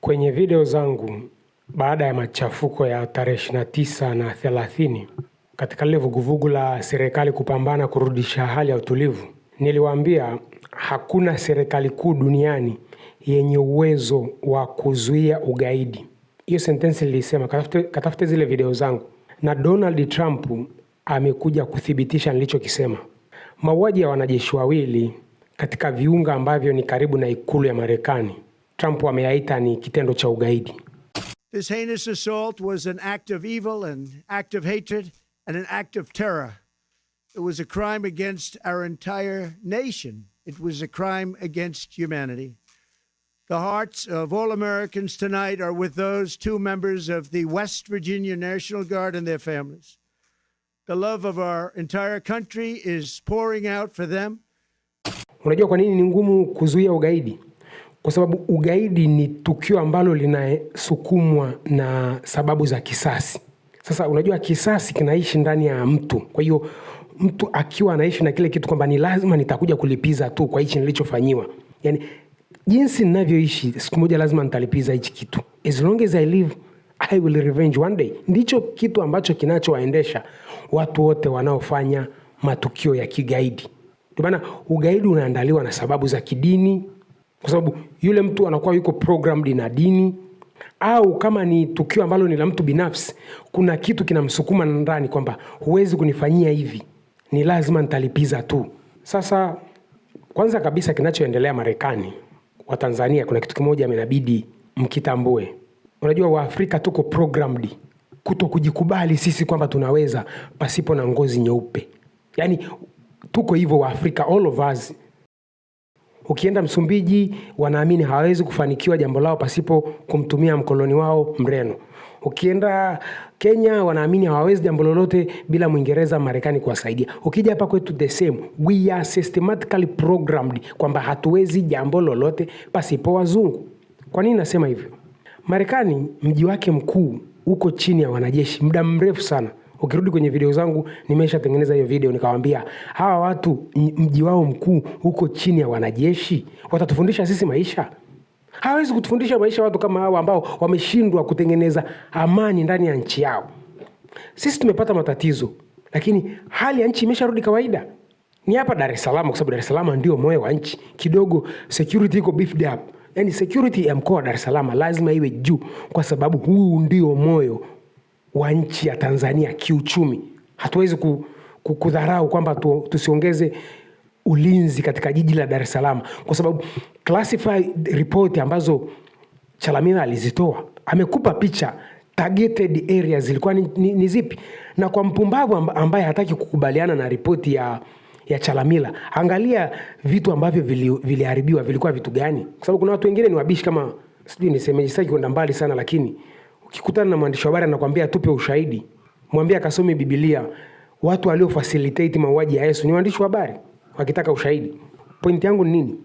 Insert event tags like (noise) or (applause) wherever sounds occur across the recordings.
Kwenye video zangu baada ya machafuko ya tarehe ishirini na tisa na thelathini katika lile vuguvugu la serikali kupambana kurudisha hali ya utulivu, niliwaambia hakuna serikali kuu duniani yenye uwezo wa kuzuia ugaidi. Hiyo sentensi nilisema, katafute zile video zangu, na Donald Trump amekuja kuthibitisha nilichokisema. Mauaji ya wanajeshi wawili katika viunga ambavyo ni karibu na ikulu ya Marekani Trump ameaita ni kitendo cha ugaidi. This heinous assault was an act of evil, an act of hatred, and an act of terror. It was a crime against our entire nation. It was a crime against humanity. The hearts of all Americans tonight are with those two members of the West Virginia National Guard and their families. The love of our entire country is pouring out for them. Unajua kwa nini ni ngumu kuzuia ugaidi? kwa sababu ugaidi ni tukio ambalo linasukumwa na sababu za kisasi. Sasa unajua kisasi kinaishi ndani ya mtu, kwa hiyo mtu akiwa anaishi na kile kitu kwamba ni lazima nitakuja kulipiza tu kwa hichi nilichofanyiwa, yani jinsi ninavyoishi siku moja lazima nitalipiza hichi kitu, as long as I live I will revenge one day. Ndicho kitu ambacho kinachowaendesha watu wote wanaofanya matukio ya kigaidi. Ndio maana ugaidi unaandaliwa na sababu za kidini, kwa sababu yule mtu anakuwa yuko programmed na dini, au kama ni tukio ambalo ni la mtu binafsi, kuna kitu kinamsukuma ndani kwamba huwezi kunifanyia hivi, ni lazima nitalipiza tu. Sasa kwanza kabisa kinachoendelea Marekani, Watanzania, kuna kitu kimoja inabidi mkitambue. Unajua Waafrika tuko programmed kuto kujikubali sisi kwamba tunaweza pasipo na ngozi nyeupe, yaani tuko hivyo Waafrika all of us. Ukienda Msumbiji, wanaamini hawawezi kufanikiwa jambo lao pasipo kumtumia mkoloni wao Mreno. Ukienda Kenya wanaamini hawawezi jambo lolote bila Mwingereza Marekani kuwasaidia. Ukija hapa kwetu the same. We are systematically programmed kwamba hatuwezi jambo lolote pasipo wazungu. Kwa nini nasema hivyo? Marekani mji wake mkuu uko chini ya wanajeshi muda mrefu sana. Ukirudi kwenye video zangu nimeshatengeneza hiyo video, nikawaambia hawa watu mji wao mkuu huko chini ya wanajeshi, watatufundisha sisi maisha? Hawezi kutufundisha maisha watu kama hawa ambao wameshindwa kutengeneza amani ndani ya nchi yao. Sisi tumepata matatizo, lakini hali ya nchi imesharudi kawaida. Ni hapa Dar es Salaam, kwa sababu Dar es Salaam ndio moyo wa nchi. Kidogo security iko beefed up, yani security ya mkoa wa Dar es Salaam lazima iwe juu, kwa sababu huu ndio moyo wa nchi ya Tanzania kiuchumi. Hatuwezi kudharau kwamba tu, tusiongeze ulinzi katika jiji la Dar es Salaam kwa sababu classified report ambazo Chalamila alizitoa amekupa picha targeted areas zilikuwa ni, ni, ni zipi, na kwa mpumbavu ambaye hataki kukubaliana na ripoti ya, ya Chalamila, angalia vitu ambavyo viliharibiwa vili vilikuwa vitu gani, kwa sababu kuna watu wengine ni wabishi kama sijui nisemeje, sitaki kwenda mbali sana lakini ukikutana na mwandishi wa habari anakwambia tupe ushahidi, mwambie akasome Biblia. Watu walio facilitate mauaji ya Yesu ni waandishi wa habari wakitaka ushahidi. Pointi yangu ni nini?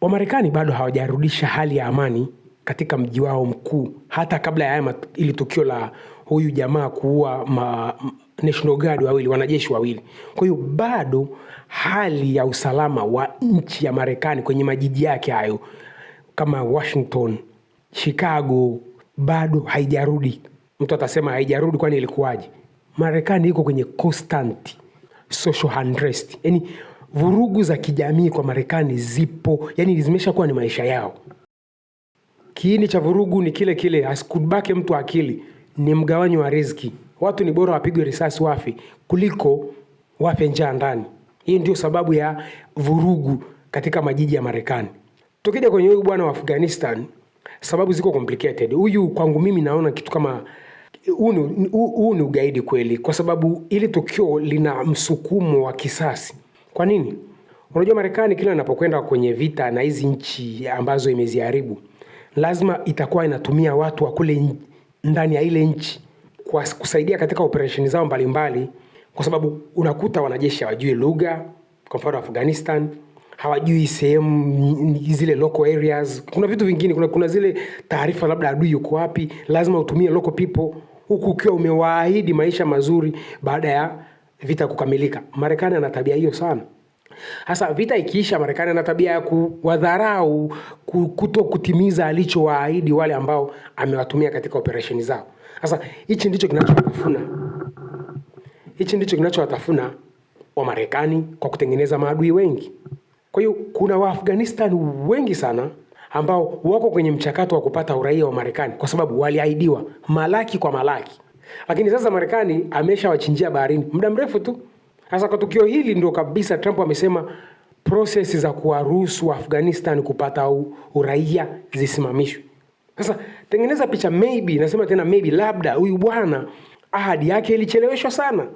Wamarekani bado hawajarudisha hali ya amani katika mji wao mkuu, hata kabla ya haya ili tukio la huyu jamaa kuua ma, National Guard wawili, wanajeshi wawili. Kwa hiyo bado hali ya usalama wa nchi ya Marekani kwenye majiji yake hayo kama Washington, Chicago, bado haijarudi. Mtu atasema haijarudi, kwani ilikuwaje? Marekani iko kwenye constant social unrest, yani vurugu za kijamii kwa Marekani zipo, yani zimesha kuwa ni maisha yao. Kiini cha vurugu ni kile kile, asikubake mtu akili, ni mgawanyo wa riziki. Watu ni bora wapigwe risasi wafe kuliko wafe njaa ndani. Hii ndio sababu ya vurugu katika majiji ya Marekani. Tukija kwenye huyu bwana wa Afghanistan, sababu ziko complicated. Huyu kwangu mimi naona kitu kama huu ni ugaidi kweli, kwa sababu ili tukio lina msukumo wa kisasi. Kwa nini? Unajua, Marekani kila inapokwenda kwenye vita na hizi nchi ambazo imeziharibu, lazima itakuwa inatumia watu wa kule ndani ya ile nchi kwa kusaidia katika operesheni zao mbalimbali, kwa sababu unakuta wanajeshi hawajui lugha, kwa mfano Afghanistan hawajui sehemu zile local areas. Kuna vitu vingine, kuna, kuna zile taarifa labda adui yuko wapi, lazima utumie local people, huku ukiwa umewaahidi maisha mazuri baada ya vita kukamilika. Marekani ana tabia hiyo sana. Hasa vita ikiisha, Marekani ana tabia ya kuwadharau, kuto kutimiza alichowaahidi wale ambao amewatumia katika operesheni zao. Sasa hichi ndicho kinachowatafuna, hichi ndicho kinachowatafuna wa Marekani kwa kutengeneza maadui wengi. Kwa hiyo kuna Waafghanistan wengi sana ambao wako kwenye mchakato wa kupata uraia wa Marekani kwa sababu waliahidiwa malaki kwa malaki, lakini sasa Marekani ameshawachinjia baharini muda mrefu tu. Sasa kwa tukio hili ndio kabisa Trump amesema prosesi za kuwaruhusu Afghanistan kupata uraia zisimamishwe. Sasa tengeneza picha, maybe nasema tena maybe, labda huyu bwana ahadi yake ilicheleweshwa sana,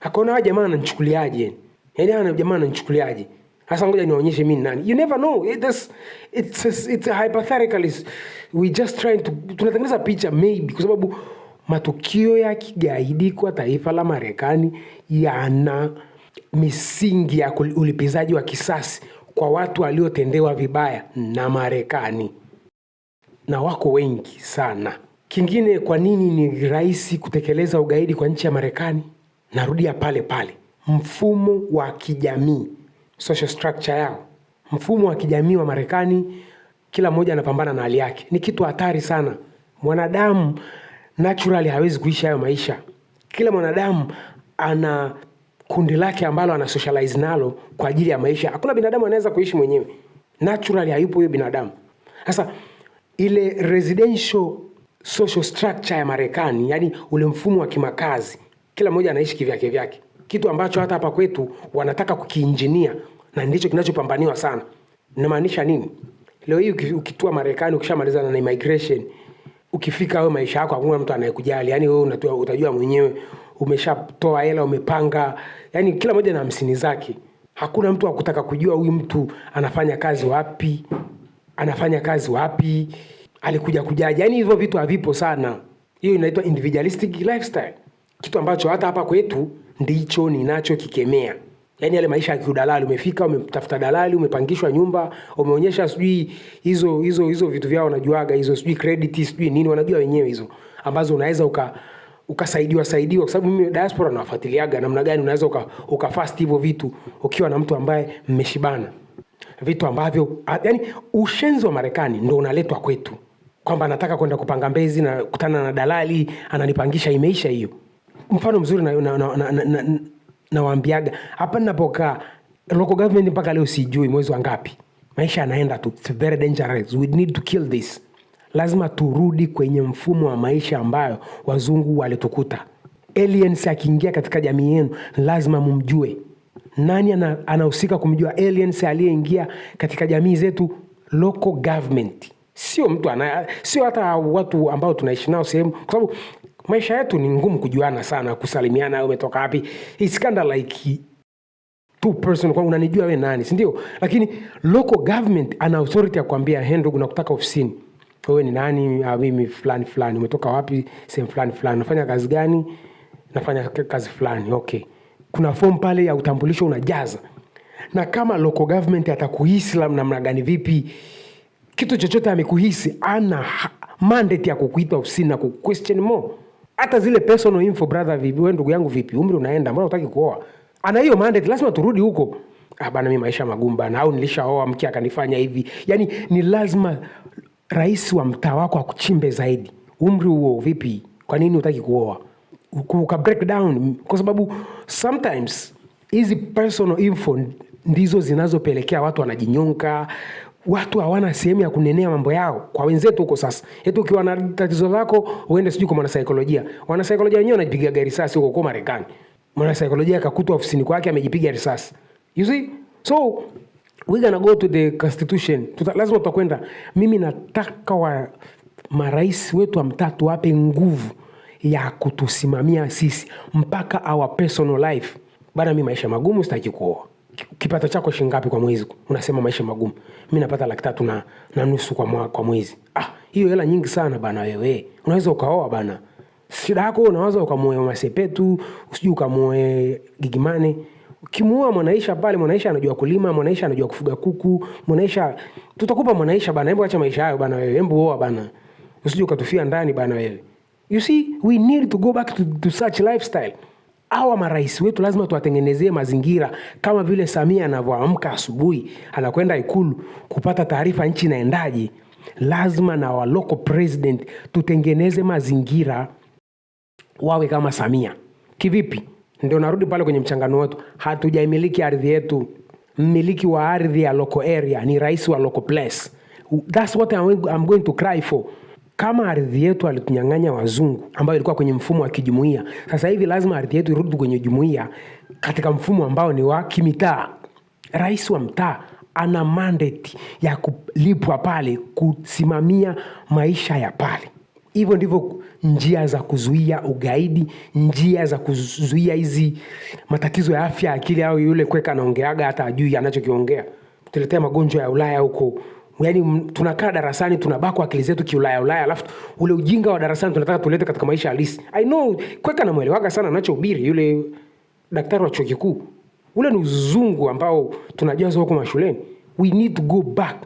akaona ah, jamaa ananichukuliaje, yaani ah, jamaa ananichukuliaje hasa ngoja niwaonyeshe mimi nani you never know it, is it's, a, it's a hypothetical is we just trying to tunatengeneza picha maybe kwa sababu matukio ya kigaidi kwa taifa la Marekani yana misingi ya ulipizaji wa kisasi kwa watu waliotendewa vibaya na Marekani, na wako wengi sana. Kingine, kwa nini ni rahisi kutekeleza ugaidi kwa nchi ya Marekani? Narudia pale pale, mfumo wa kijamii social structure yao, mfumo wa kijamii wa Marekani. Kila mmoja anapambana na hali yake, ni kitu hatari sana. Mwanadamu naturally hawezi kuishi hayo maisha. Kila mwanadamu ana kundi lake ambalo ana socialize nalo kwa ajili ya maisha. Hakuna binadamu anaweza kuishi mwenyewe, naturally hayupo huyo binadamu. Sasa ile residential social structure ya Marekani, yani ule mfumo wa kimakazi, kila mmoja anaishi kivyake vyake kitu ambacho hata hapa kwetu wanataka kukiinjinia na ndicho kinachopambaniwa sana. Namaanisha nini? Leo hii ukitua Marekani, ukishamalizana na immigration, ukifika wewe maisha yako hakuna mtu anayekujali. Yaani wewe unatua, utajua mwenyewe umeshatoa hela, umepanga, yaani kila mmoja na hamsini zake. Hakuna mtu akutaka kujua huyu mtu anafanya kazi wapi, anafanya kazi wapi, alikuja kujaje. Yaani hivyo vitu havipo sana. Hiyo inaitwa individualistic lifestyle, kitu ambacho hata hapa kwetu ndicho ninachokikemea. Yaani yale maisha ya kiudalali, umefika umetafuta dalali, umepangishwa nyumba, umeonyesha sijui hizo hizo hizo vitu vyao wanajuaga hizo sijui credit sijui nini wanajua wenyewe hizo ambazo unaweza uka ukasaidiwa saidiwa kwa sababu mimi diaspora nawafuatiliaga namna gani unaweza uka, uka fast hivyo vitu ukiwa na mtu ambaye mmeshibana vitu ambavyo yani ushenzi wa Marekani ndio unaletwa kwetu kwamba anataka kwenda kupanga Mbezi na kutana na dalali ananipangisha, imeisha hiyo mfano mzuri nawambiaga na, na, na, na, na hapa ninapokaa local government mpaka leo sijui mwezi wangapi Maisha yanaenda tu, it's very dangerous, we need to kill this. Lazima turudi kwenye mfumo wa maisha ambayo wazungu walitukuta. Aliens akiingia katika jamii yenu lazima mumjue nani anahusika, ana kumjua aliens aliyeingia katika jamii zetu. Local government sio mtu ana, sio hata watu ambao tunaishi nao sehemu, kwa sababu maisha yetu ni ngumu kujuana sana, kusalimiana, umetoka wapi, it's kind of like two person, kwa unanijua we nani, si ndio? Lakini local government ana authority ya kuambia hey, ndugu, nakutaka ofisini wewe ni nani? Ah, mimi fulani fulani. Umetoka wapi? sehemu fulani fulani. Unafanya kazi gani? Nafanya kazi fulani. Okay, kuna form pale ya utambulisho unajaza, na kama local government atakuhisi namna gani, vipi, kitu chochote amekuhisi, ana mandate ya kukuita ofisini na kuquestion more hata zile personal info brother, vipi wewe ndugu yangu, vipi umri unaenda, mbona unataka kuoa? Ana hiyo mandate, lazima turudi huko. Ah bana, mimi maisha magumu bana, au nilishaoa mke akanifanya hivi. Yani ni lazima rais wa mtaa wako akuchimbe zaidi. Umri huo vipi? Kwa nini unataka kuoa? Uka break down, kwa sababu sometimes hizi personal info ndizo zinazopelekea watu wanajinyonga, watu hawana sehemu ya kunenea mambo yao kwa wenzetu huko. Sasa eti yaani ukiwa na tatizo lako uende sijui kwa mwanasaikolojia. Wanasaikolojia wenyewe wanajipigaga risasi huko kwa Marekani. Mwanasaikolojia akakutwa ofisini kwake amejipiga risasi. You see? So we gonna go to the constitution. Tuta, lazima tutakwenda. Mimi nataka wa marais wetu wa mtatu wape nguvu ya kutusimamia sisi mpaka our personal life. Bana, mimi maisha magumu, sitaki kuoa kipato chako shilingi ngapi kwa mwezi? Unasema maisha magumu. Mimi napata laki tatu na, na nusu kwa, mwa, kwa mwezi. Ah, hiyo hela nyingi sana bana wewe. Unaweza ukaoa bana. Shida yako unaweza ukamuoe Masepetu, usijui ukamuoe Gigimane. Ukimuoa Mwanaisha pale, Mwanaisha anajua kulima, Mwanaisha anajua kufuga kuku, Mwanaisha tutakupa Mwanaisha bana. Hebu acha maisha hayo bana wewe. Hebu oa bana. usijui ukatufia ndani bana wewe. You see, we need to go back to, to such lifestyle. Hawa marais wetu lazima tuwatengenezee mazingira kama vile Samia anavyoamka asubuhi anakwenda Ikulu kupata taarifa nchi inaendaje. Lazima na wa local president tutengeneze mazingira wawe kama Samia. Kivipi? Ndio narudi pale kwenye mchangano wetu, hatujaimiliki ardhi yetu. Mmiliki wa ardhi ya local area ni rais wa local place. That's what I'm going to cry for. Kama ardhi yetu alitunyang'anya wazungu ambayo ilikuwa kwenye mfumo wa kijumuia sasa hivi lazima ardhi yetu irudi kwenye jumuia katika mfumo ambao ni wa kimitaa. Rais wa mtaa ana mandeti ya kulipwa pale kusimamia maisha ya pale. Hivyo ndivyo njia za kuzuia ugaidi, njia za kuzuia hizi matatizo ya afya akili, au yule kweka anaongeaga hata ajui anachokiongea, tuletea magonjwa ya Ulaya huko yani tunakaa darasani tunabakwa akili zetu kiulaya ulaya, alafu ule ujinga wa darasani tunataka tulete katika maisha halisi. I know Kweka namwelewaga sana anachohubiri yule daktari wa chuo kikuu, ule ni uzungu ambao tunajaza huko mashuleni. We need to go back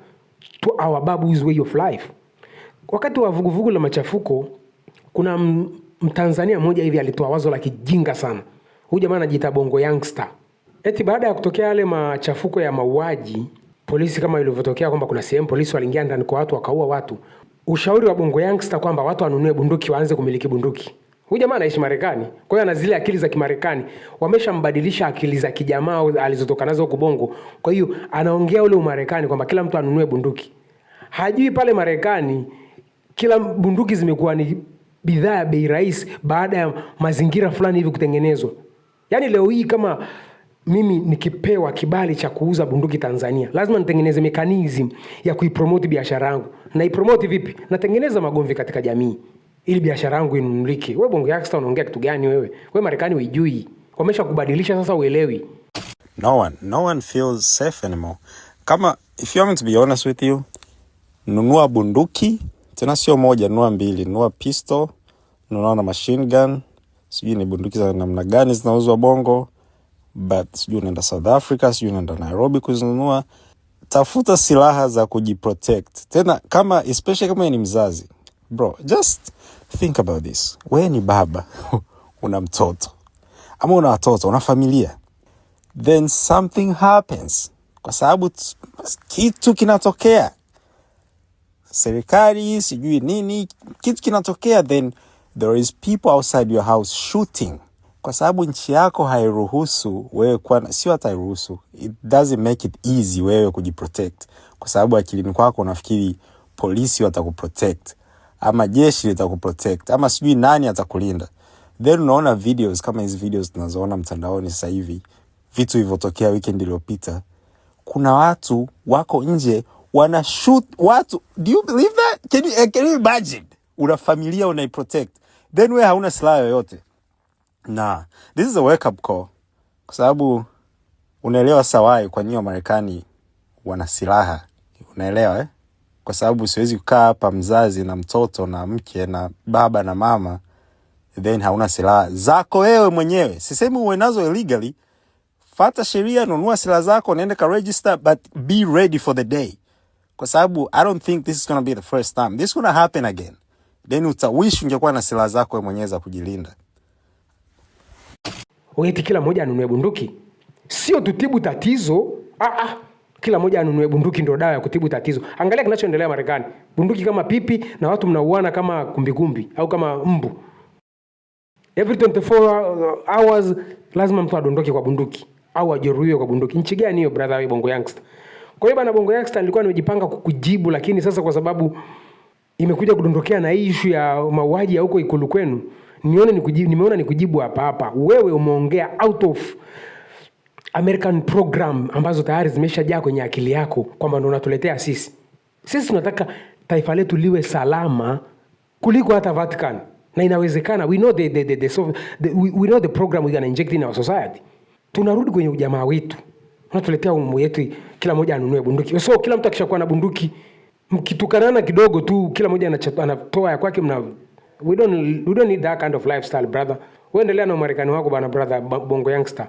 to our babu's way of life. Wakati wa vuguvugu la machafuko, kuna mtanzania mmoja hivi alitoa wazo la kijinga sana. Huyu jamaa anajiita bongo youngster, eti baada ya kutokea yale machafuko ya mauaji polisi kama ilivyotokea kwamba kuna sehemu polisi waliingia ndani kwa watu wakaua watu. Ushauri wa Bongo Youngster kwamba watu wanunue bunduki waanze kumiliki bunduki. Huyu jamaa anaishi Marekani, kwa hiyo ana zile akili za Kimarekani. Wameshambadilisha akili za kijamaa alizotoka nazo huko Bongo. Kwa hiyo anaongea ule Umarekani kwamba kila mtu anunue bunduki. Hajui pale Marekani kila bunduki zimekuwa ni bidhaa ya bei rahisi baada ya mazingira fulani hivi kutengenezwa. Yaani leo hii kama mimi nikipewa kibali cha kuuza bunduki Tanzania, lazima nitengeneze mekanizmu ya kuipromote biashara yangu. Naipromote vipi? Natengeneza magomvi katika jamii ili biashara yangu inunulike. Wewe bongo yako unaongea kitu gani wewe? Wewe Marekani uijui. Wamesha kubadilisha sasa uelewi. No one, no one feels safe anymore. Kama if you want to be honest with you, nunua bunduki tena sio moja, nunua mbili, nunua pistol, nunua na machine gun. Sijui ni bunduki za namna gani zinauzwa bongo but sijui unaenda South Africa, sijui unaenda Nairobi kuzinunua. Tafuta silaha za kujiprotect, tena kama especially kama ni mzazi bro, just think about this. we ni baba (laughs) una mtoto ama una watoto, una familia, then something happens, kwa sababu kitu kinatokea, serikali sijui nini, kitu kinatokea, then there is people outside your house shooting kwa sababu nchi yako hairuhusu wewe kuwa, sio hata iruhusu, it doesn't make it easy wewe kujiprotect, kwa sababu akilini kwako unafikiri polisi watakuprotect ama jeshi litakuprotect ama sijui nani atakulinda, then unaona videos kama hizi videos tunazoona mtandaoni sasa hivi, vitu vilivyotokea weekend iliyopita. Kuna watu wako nje wana shoot watu. Do you believe that? Can you, eh, can you imagine? Una familia unaiprotect, then wewe hauna silaha yoyote na this is a wake up call, kwa sababu unaelewa sawai kwa nini marekani wana silaha, unaelewa eh? Kwa sababu siwezi kukaa hapa mzazi na mtoto na mke na baba na mama then hauna silaha zako wewe mwenyewe. Sisemi uwe nazo illegally, fata sheria, nunua silaha zako, naende ka register, but be ready for the day, kwa sababu I don't think this is gonna be the first time this gonna happen again, then utawish ungekuwa na silaha zako wewe mwenyewe za kujilinda eti kila mmoja anunue bunduki. Sio tutibu tatizo. Ah, ah. Kila mmoja anunue bunduki ndio dawa ya kutibu tatizo. Angalia kinachoendelea Marekani, bunduki kama pipi na watu mnauana kama kumbikumbi au kama mbu. Every 24 hours lazima mtu adondoke kwa bunduki au ajeruhiwe kwa bunduki. Nchi gani hiyo brother wewe Bongo Youngster? Kwa hiyo bana Bongo Youngster, nilikuwa nimejipanga kukujibu, lakini sasa kwa sababu imekuja kudondokea na hii issue ya mauaji ya huko ikulu kwenu nione nikujibu, nimeona nikujibu hapa hapa. Wewe umeongea out of American program ambazo tayari zimeshajaa kwenye akili yako kwamba ndo unatuletea sisi. Sisi tunataka taifa letu liwe salama kuliko hata Vatican, na inawezekana. We know the, the, the, the, the, we, we know the program we gonna inject in our society. Tunarudi kwenye ujamaa wetu, unatuletea umu yetu, kila mmoja anunue bunduki. So kila mtu akishakuwa na bunduki, mkitukanana kidogo tu, kila mmoja anatoa ya kwake, mna we don't, we don't need that kind of lifestyle brother. Wewe endelea na Marekani wako bana brother, bongo youngster.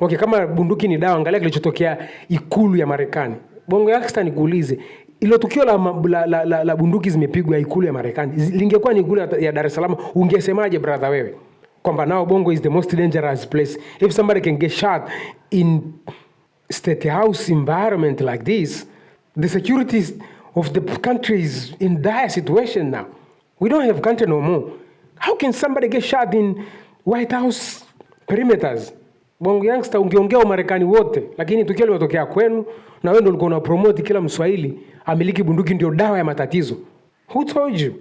Okay, kama bunduki ni dawa, angalia kilichotokea ikulu ya Marekani. Bongo youngster, nikuulize ilo tukio la, la, la, la, la bunduki zimepigwa ikulu ya Marekani, lingekuwa ni ikulu ya Dar es Salaam, ungesemaje brother wewe kwamba nao Bongo is the most dangerous place if somebody can get shot in state house environment like this the security of the country is in dire situation now We don't have country no more. How can somebody get shot in White House perimeters? Bongo youngster ungeongea Umarekani wote, lakini tukio limetokea kwenu na wewe ndio ulikuwa unapromote kila Mswahili amiliki bunduki ndio dawa ya matatizo. Who told you?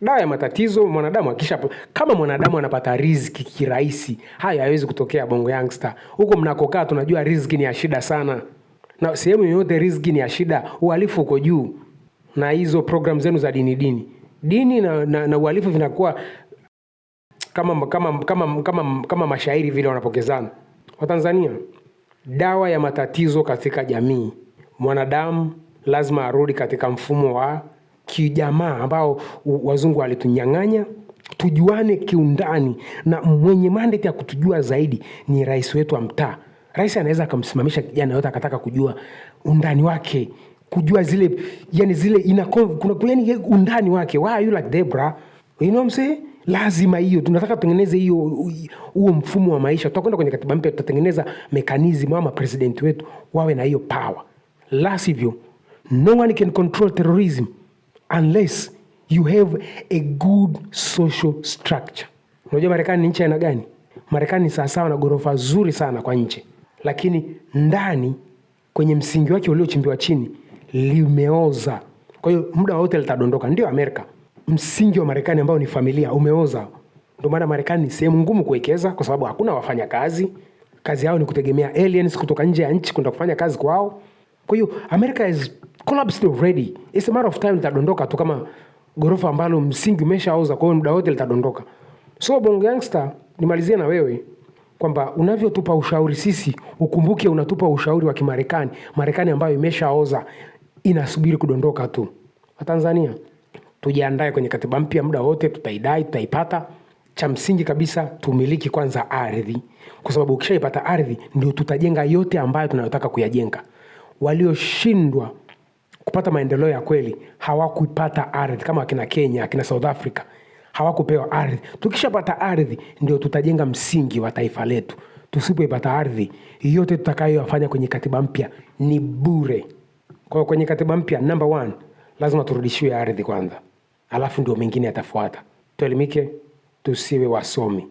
Dawa ya matatizo mwanadamu akisha kama mwanadamu anapata riziki kirahisi, haya hayawezi kutokea bongo youngster. Huko mnakokaa tunajua riziki ni ya shida sana. Na sehemu yoyote riziki ni ya shida, uhalifu uko juu. Na hizo program zenu za dini dini dini na, na, na uhalifu vinakuwa kama, kama, kama, kama, kama mashairi vile wanapokezana. Watanzania, dawa ya matatizo katika jamii, mwanadamu lazima arudi katika mfumo wa kijamaa ambao wazungu walitunyang'anya. Tujuane kiundani, na mwenye mandate ya kutujua zaidi ni rais wetu wa mtaa. Rais anaweza akamsimamisha kijana yote akataka kujua undani wake kujua zile yani zile ina kuna yani undani wake why are you like Debra you know what I'm saying lazima hiyo tunataka tutengeneze hiyo huo mfumo wa maisha tutakwenda kwenye katiba mpya tutatengeneza mekanizimu ama president wetu wawe na hiyo power la sivyo no one can control terrorism unless you have a good social structure unajua marekani ni nchi aina gani marekani sawasawa na ghorofa zuri sana kwa nchi lakini ndani kwenye msingi wake uliochimbiwa chini limeoza. Kwa hiyo muda wote litadondoka. Ndio Amerika, msingi wa Marekani ambao ni familia umeoza. Ndio maana Marekani ni sehemu ngumu kuwekeza, kwa sababu hakuna wafanya kazi. Kazi yao ni kutegemea aliens kutoka nje ya nchi kwenda kufanya kazi kwao. Kwa hiyo America is collapsed already, it's a matter of time, litadondoka tu kama gorofa ambalo msingi umeshaoza. Kwa hiyo muda wote litadondoka. So Bongo Youngster, nimalizie na wewe kwamba unavyotupa ushauri sisi, ukumbuke unatupa ushauri wa Kimarekani, Marekani ambayo imeshaoza inasubiri kudondoka tu. Watanzania tujiandae kwenye katiba mpya, muda wote tutaidai, tutaipata. Cha msingi kabisa tumiliki kwanza ardhi, kwa sababu ukishaipata ardhi ndio tutajenga yote ambayo tunayotaka kuyajenga. Walioshindwa kupata maendeleo ya kweli hawakupata ardhi, kama akina Kenya, akina South Africa hawakupewa ardhi. Tukishapata ardhi ndio tutajenga msingi wa taifa letu. Tusipoipata ardhi, yote tutakayoyafanya kwenye katiba mpya ni bure. Kwa hiyo kwenye katiba mpya number one, lazima turudishiwe ardhi kwanza, alafu ndio mengine yatafuata. Tuelimike, tusiwe wasomi.